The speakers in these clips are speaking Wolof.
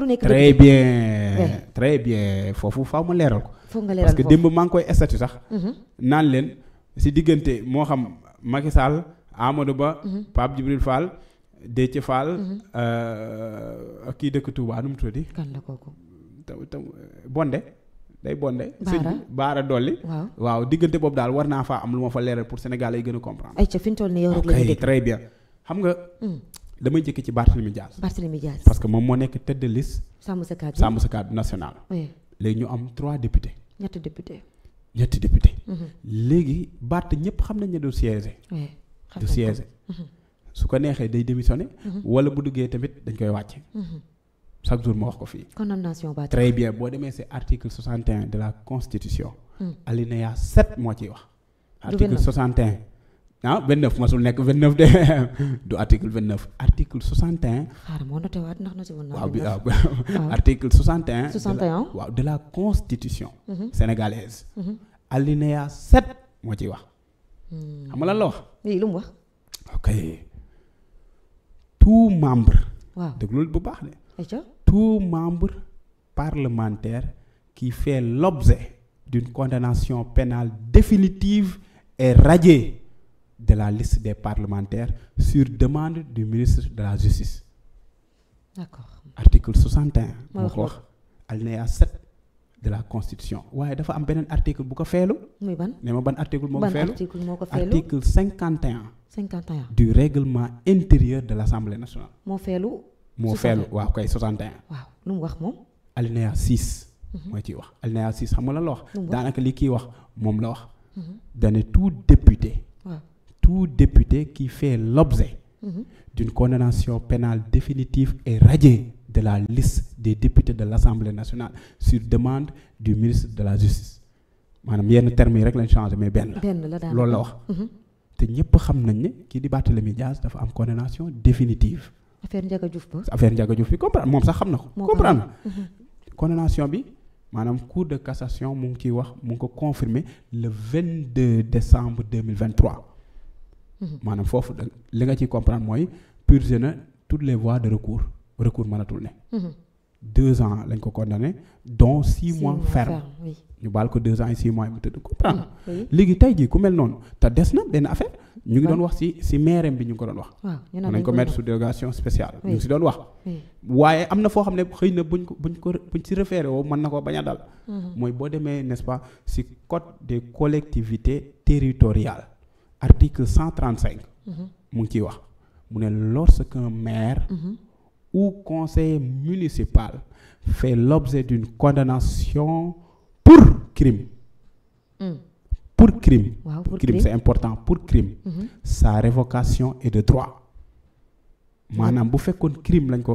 du nekk très bien eh. très bien foofu faaw ma leeral ko. foog nga parce que démb maa ngi koy estati sax. Mhm. naan leen si diggante moo xam Macky Sall Amadou Ba. Mhm. Pape Djibril Fall Déthié Fall. Mhm. Euh, kii dëkk Touba nu mu tuddati. kan Bonde. day bonde baara dolli waaw diggante boobu daal war naa faa am lu ma fa leeral pour Sénégal ay gën a comprendre ay ca fi ñu très bien xam nga mm. damay jëkki ci Barthélemy Diaz. Barthélemy Diaz parce que moom moo nekk tête de liste. sàmm sa kàddu national. léegi ñu am trois députés. Mhm. léegi Barth ñëpp xam nañ du siège. du siège. Mhm. su ko neexee day démissionné. Mhm. wala bu duggee tamit dañ koy wàcce. chaque jour ma wax ko fii. très bien boo demee c'est article 61 de la constitution. alinéa 7 moo ci wax. article 61. ah 29 masul nekk 29 de du article 29 article 61. moo noté waat ndax noté woon ah. waaw de la constitution. Mhm. sénégalaise. Mhm. alinéa 7 moo ciy wax. Hmm. xam la wax. lii lu mu wax. bu baax de. tout membre parlementaire qui fait l'objet d'une condamnation pénale définitive est radié. de la liste des parlementaires sur demande du ministre de la Justice. D'accord. Article 61 moo ko wax alinéa 7 de la Constitution waaye dafa am beneen article bu ko feelu muy ban ne ma ban article moo ko feelu article 51 51 du règlement intérieur de l'Assemblée nationale moo feelu moo feelu waaw kay 61 waaw lu mu wax moom alinéa 6 mhm. mooy ci wax alinéa 6 xam nga lan la wax daanaka li kiy wax moom la wax mhm. dane tout député tout député qui fait l'objet mmh. d'une condamnation pénale définitive est radié de la liste des députés de l'Assemblée nationale sur demande du ministre de la Justice maanaam yenn termes yi rek lañ changé mais benn la loolu la wax mhm. te ñëpp xam nañ ne kii di Barthélémy Dias dafa am condamnation définitive affaire Ndiaga bi comprendre moom sax xam na ko comprendre mhm. condamnation bi maanaam cour de cassation mu ngi ciy wax mu ngi ko confirmer le 22 décembre Mhm. maanaam foofu li nga ci comprendre mooy purgé na toutes les voies de recours recours mënatul ne. Mhm. deux ans lañ ko condamné dont six, six mois, mois ferme ñu baal ko deux ans et six mois mu tëdd comprendre mhm, léegi tey jii ku mel noonu te des na benn affaire ñu ngi doon wax si si meereem bi ñu ngi ko doon wax nañ ko mettre sous dérogation spéciale ñu ngi si doon wax waaye am na foo xam ne xëy na buñ ko buñ ko buñ si référé woo mën na ko bañ a dal mooy boo demee ne ce pas si code des collectivités territoriales article cent trente cinq mhm. mu ngi ciy wax mu ne lorsqu'un maire mhm. ou conseiller municipal fait l'objet d'une condamnation pour crime mm. pour crime pour crime c'est important pour crime mhm. sa révocation est de droit maanaam bu fekkoon crime lañ ko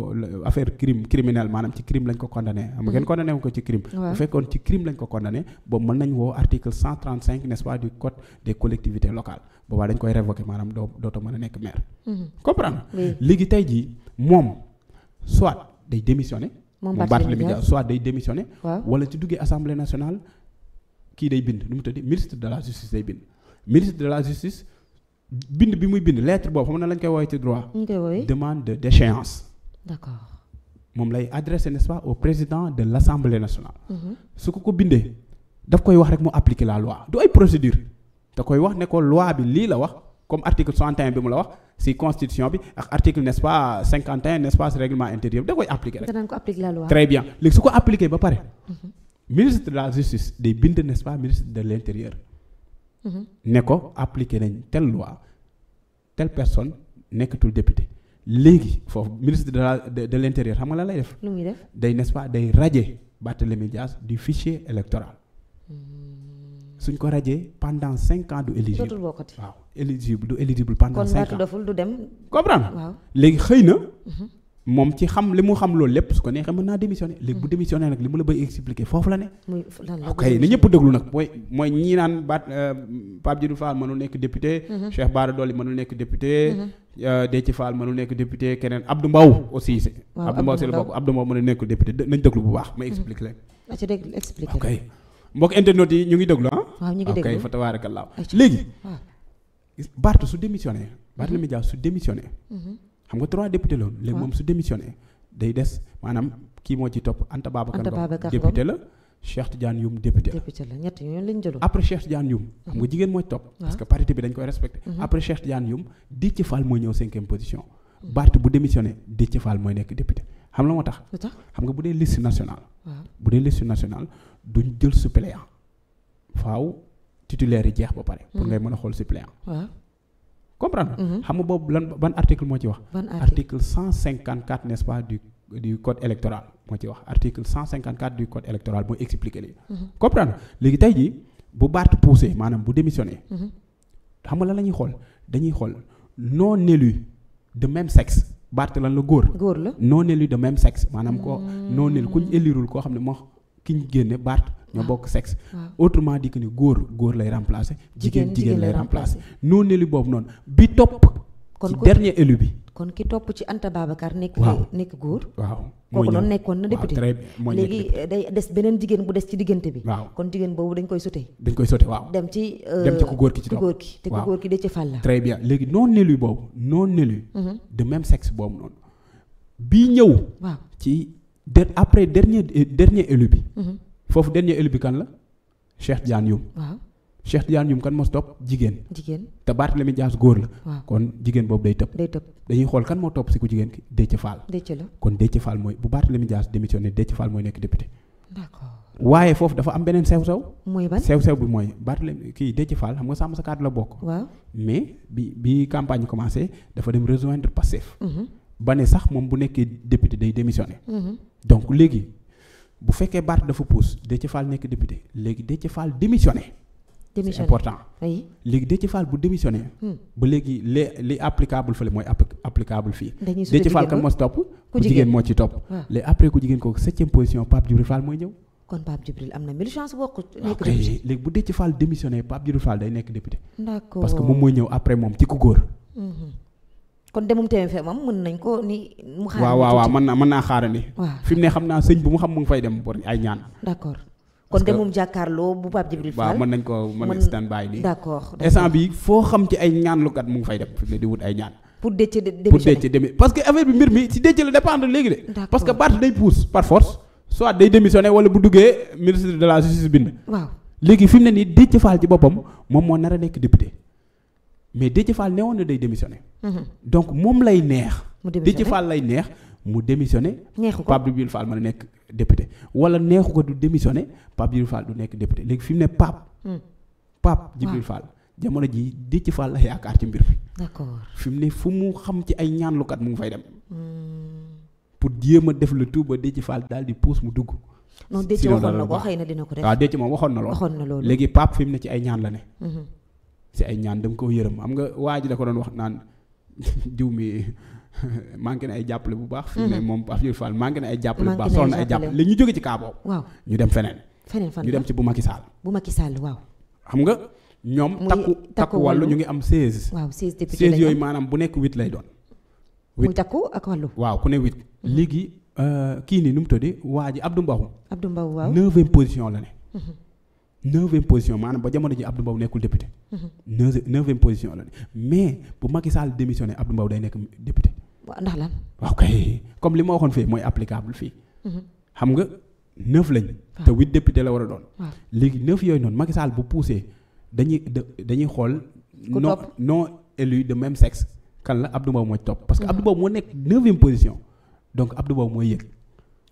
affaire crime criminel maanaam ci crime lañ ko condamné xam ngeen mm. condamné wu ko ci crime bu fekkoon ci crime lañ ko condamné boobu mën nañ woo article 135 du code des collectivités locales boobaa dañ koy révoquer maanaam doo dootoo mën a nekk maire mm-hmm. comprendre léegi tey jii moom soit day démissionner moom Barthélémy Dias soit day démissionner wala ci duggee assemblée nationale kii day bind ministre de la justice bind bi muy bind lettre boobu xam na lañ koy woowee ci droit. demande de déchéance. moom lay adressé nest au président de l'Assemblée nationale. Mhm. su ko ko bindee daf koy wax rek mu appliquer la loi du ay procédure da koy wax ne ko loi bi lii la wax comme article 61 bi mu la wax si constitution bi ak article n'est-ce pas 51 n'est-ce pas intérieur bi da koy appliquer très bien léegi su ko appliquer ba pare. Mhm. ministre de la justice day bind nest ne ko appliqué nañ telle loi telle personne nekkatul député léegi foofu ministre de la de, de l' intérieur xam nga lan lay def. lu muy day nest pas day radier Barthélémy Dias du fichier électoral. Mm. suñ ko rajee pendant cinq ans du éligible. dootul bokkati waaw éligible du éligible cinq ans kon doful du dem. comprendre léegi xëy na. Mhm. moom ci xam li mu xam loolu lépp su ko neexee mën naa démissionné léegi bu hmm. démissionné nag li mu la bëgg expliqué foofu nag mooy mooy ñii naan baat euh, Pape Djibril Fall mënul nekk député. Hmm. Cheikh Bara Dolly mënul nekk député. Hmm. Euh, Déthié Fall mënul nekk député keneen Abdou Mbow aussi. waaw Abdou si la bokk Abdou Mbow mënul nekk député nañ déglu bu baax ma expliqué leen. ma ah, ci déglu expliqué ok yi ñu ngi déglu ah. waaw ñu ngi déglu ok fa tabaarakallaa léegi. Ah. Barth su démissionné Barthélémy xam nga trois député la woon. léegi moom ah. su démissionné day des maanaam kii moo ci topp Anta Babacar Ngom la. Cheikh Tidiane Youm député la député la ñett après Cheikh Tidiane Youm. xam nga ah. mooy que ah. parité bi dañ koy respecté. Mhm. après Cheikh Tidiane Youm Déthié Fall mooy ñëw cinquième position. Barth mhm. bu démissionné Déthié Fall mooy nekk député xam la moo tax. xam nga bu dee liste nationale. bu dee liste nationale duñ jël suppléant faaw titulaire yi jeex ba pare. pour mhm. ngay mën a xool suppléant. comprendre mhm. xam nga boobu lan ban article moo ci wax. article 154 n'est-ce pas du du code électoral moo ci wax article 154 du code électoral mooy expliquer lii. Mhm. comprendre léegi tey jii bu Barth poussé maanaam bu démissionné. Mhm. xam nga xool dañuy xool non élu de même sexe Barth lan la góor. góor la non élu de même sexe maanaam ko mm. non élu ku ñu koo xam ne moo. ki ñu génne baat ñoo ah. bokk sexe ah. autrement dit ni góor góor lay remplacer jigéen jigéen lay remplacer non élu boobu noonu bi topp ci dernier élu bi ki topp ci Anta Babacar nekk nekk góor waaw kooku noonu nekkoon na député léegi eh, day des bu bi euh, de ci fàlla très bien léegi non élu boobu non élu mhm. de même sexe boobu noonu bii ñëw waaw der après dernier euh, dernier élu bi. Mhm. foofu dernier élu bi kan la Cheikh Diagne Youm. waaw Cheikh Diagne kan moo si topp jigéen. jigéen te Barthélémy Dias góor la. waaw kon jigéen boobu day tëb. day tëb dañuy xool kan moo topp si ku jigéen ki Déthié Fall. kon Déthié Fall mooy bu Barthélémy Dias démissionné Déthié Fall mooy nekk député. d'accord waaye foofu dafa am beneen sew sew. mooy ban sew sew bi mooy Barthélémy kii Déthié Fall xam nga sàmm sa kàddu la bokk. waaw mais bi bi campagne bi commencé dafa dem rejoindre Pastef. Mhm. ba ne sax moom bu nekkee député day démissionné. Mhm. donc léegi bu fekkee Barth dafa pousse Déthié Fall nekk député léegi Déthié Fall démissionné. Hmm. ba léegi li li applicable fële mooy applicable fii. Déthié Fall kan moo ci topp. ku jigéen moo ci topp. Ah. léegi après ku jigéen kooku septième position Pape mooy ñëw. léegi bu Déthié Fall démissionné Pape Djibril Fall day nekk député. parce que moom mooy ñëw après moom ci ku góor. Mhm. kon demum TMFM moom mën nañ ko ni mu xaar waaw naa mën naa xaarandi ne xam naa sëñ bu mu xam mu ngi fay dem bor ay ñaan d'accord kon demum jàkkaarloo bu Pape Djibril Fall waaw mën nañ ko mën nañ stand by bi foo xam ci ay ñaan lu kat mu ngi fay dem fi ne di wut ay ñaan pour Déthié démissionner parce que affaire bi mbir mi ci Déthié la dépendre léegi de parce que Barth day pousse par force soit day démissionner wala bu duggee ministre de la justice bind waaw léegi fi ne nii Déthié Fall ci boppam moom moo nar a nekk mais Déthié Fall newoon na day démissionné. Mhm. donc moom lay neex. mu Déthié Fall lay neex mu démissionné. neexu ko Pape Djibril Fall nekk député. wala neexu ko du démissionné Pape Djibril Fall du nekk député léegi fi mu ne Pape. Hmm. Pape ah. Djibril Fall jamono ji Déthié Fall la yaakaar ci mbir bi. d'accord fi mu ne fu mu xam ci ay ñaanlukat mu ngi fay dem. Hmm. pour jéem a def le tout ba Déthié Fall daal di puus mu dugg. non Déthié waxoon na waaw ah, Déthié moom waxoon na loolu. waxoon léegi Pape fi mu ne ci ay ñaan la ne. Mhm. si ay ñaan danga koo yërëm am nga waa ji da ko doon wax naan diw mi manqué na ay jàppale bu baax. fii ne mhm. moom Afia Fall manqué na ay jàppale bu baax. soxla na ay jàppale li ñu jóge ci kaa ñu dem feneen. feneen fan ñu dem ci bu Macky Sall. bu Macky Sall waaw. xam nga ñoom. takku takku wàllu ñu ngi am 16. waaw 16 député yooyu maanaam bu nekk wit lay doon. 8 muy takku ak wàllu. waaw ku ne 8. Mhm. léegi euh, kii nii nu mu tëddee waa ji Abdou Mbaw. Abdou Mbaw waaw neuvième position neuvième position maanaam ba jamono ji Abdou Mbow nekkul député. Mhm. neuvième position la mais bu Macky Sall démissionné day nekk député. waaw ndax lan. waaw kay comme li ma waxoon fii mooy applicable fii. Mhm. xam nga neuf lañ. te huit député la war a doon. léegi neuf yooyu noonu Macky Sall bu poussé dañuy dañuy xool. non non élu de même sexe. kan la Abdou Mbow mooy topp parce que mhm. Abdou moo nekk neuvième position donc Abdou mooy yëg.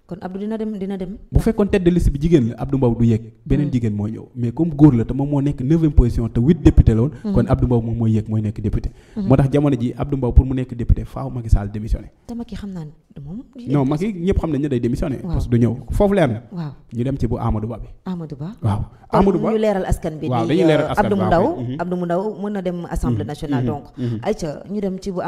kon Abdou dina dem dina dem. bu fekkoon tête de bi jigéen la Abdou Mbow du yéeg. Hmm. beneen jigéen moo ñëw mais comme góor la te moom moo nekk neuvième position te huit député la hmm. kon Abdou Mbow moom mooy yéeg mooy nekk député. Hmm. moo tax jamono ji Abdou Mbow pour mu nekk député faaw Macky Sall te Macky xam naa ne moom. non xam nañ ne day démissionné. parce du ñëw foofu leer na. ñu dem ci bu Amadou bi. Amadou waaw. Amadou waaw ñu dem ci bu